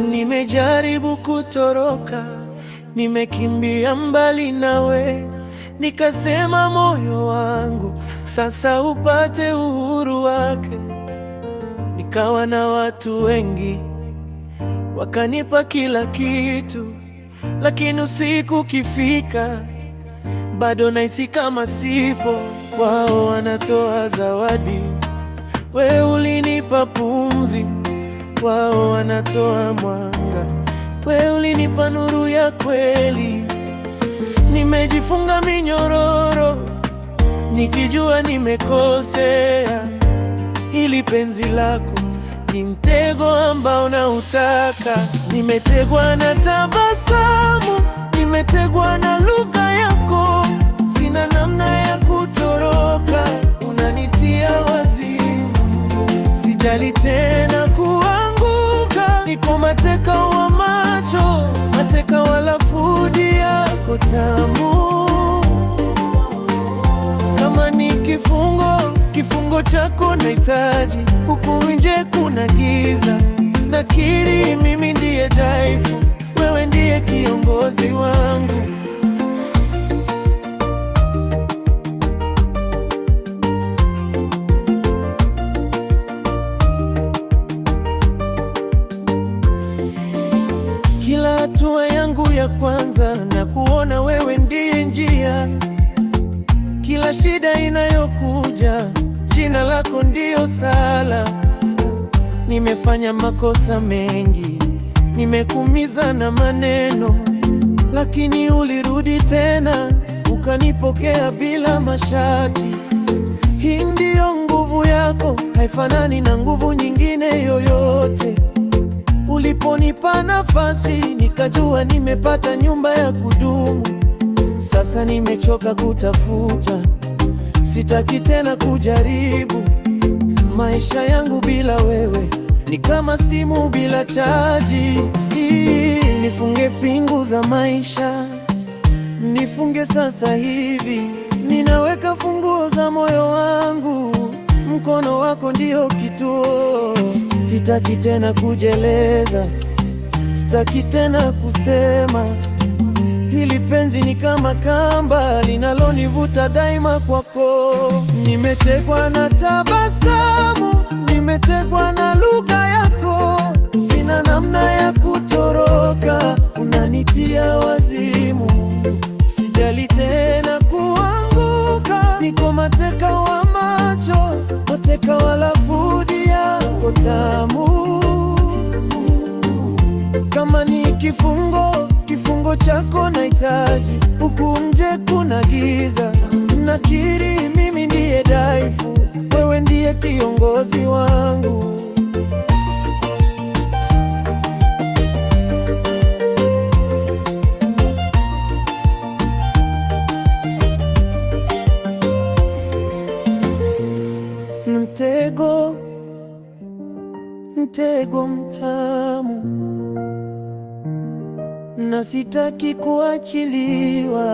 Nimejaribu kutoroka, nimekimbia mbali nawe, nikasema moyo wangu sasa upate uhuru wake. Nikawa na watu wengi, wakanipa kila kitu, lakini usiku kifika bado nahisi kama sipo. Wao wanatoa zawadi, we ulinipa pumzi wao wanatoa mwanga. Wewe ulinipa nuru ya kweli, nimejifunga minyororo nikijua nimekosea. Hili penzi lako ni mtego ambao nautaka. Nimetegwa na tabasamu, nimetegwa na lugha yako, sina namna ya kutoroka. Unanitia wazimu, sijali tena. Niko mateka wa macho, mateka wa lafudi yako tamu. Kama ni kifungo, kifungo chako nahitaji. Huku nje kuna giza, nakiri mimi ndiye dhaifu, wewe ndiye kiongozi wangu. yangu ya kwanza na kuona wewe ndiye njia. Kila shida inayokuja, jina lako ndiyo sala. Nimefanya makosa mengi, nimekumiza na maneno, lakini ulirudi tena ukanipokea bila masharti. Hii ndiyo nguvu yako, haifanani na nguvu nyingine yoyote. Uliponipa nafasi nikajua nimepata nyumba ya kudumu. Sasa nimechoka kutafuta, sitaki tena kujaribu. Maisha yangu bila wewe ni kama simu bila chaji. Nifunge pingu za maisha, nifunge sasa hivi. Ninaweka funguo za moyo wangu, mkono wako ndio kituo Sitaki tena kujeleza, sitaki tena kusema. Hili penzi ni kama kamba linalonivuta daima kwako. Nimetekwa na tabasamu, nimetekwa na lugha yako, sina namna ya kutoroka, unanitia wazimu. Sijali tena kuanguka, niko mateka wa macho, mateka wa lafudi lako tamu, kama ni kifungo, kifungo chako nahitaji. Huku nje kuna giza, nakiri mimi ndiye dhaifu, wewe ndiye kiongozi wangu. Mtego mtego mtamu, na sitaki kuachiliwa.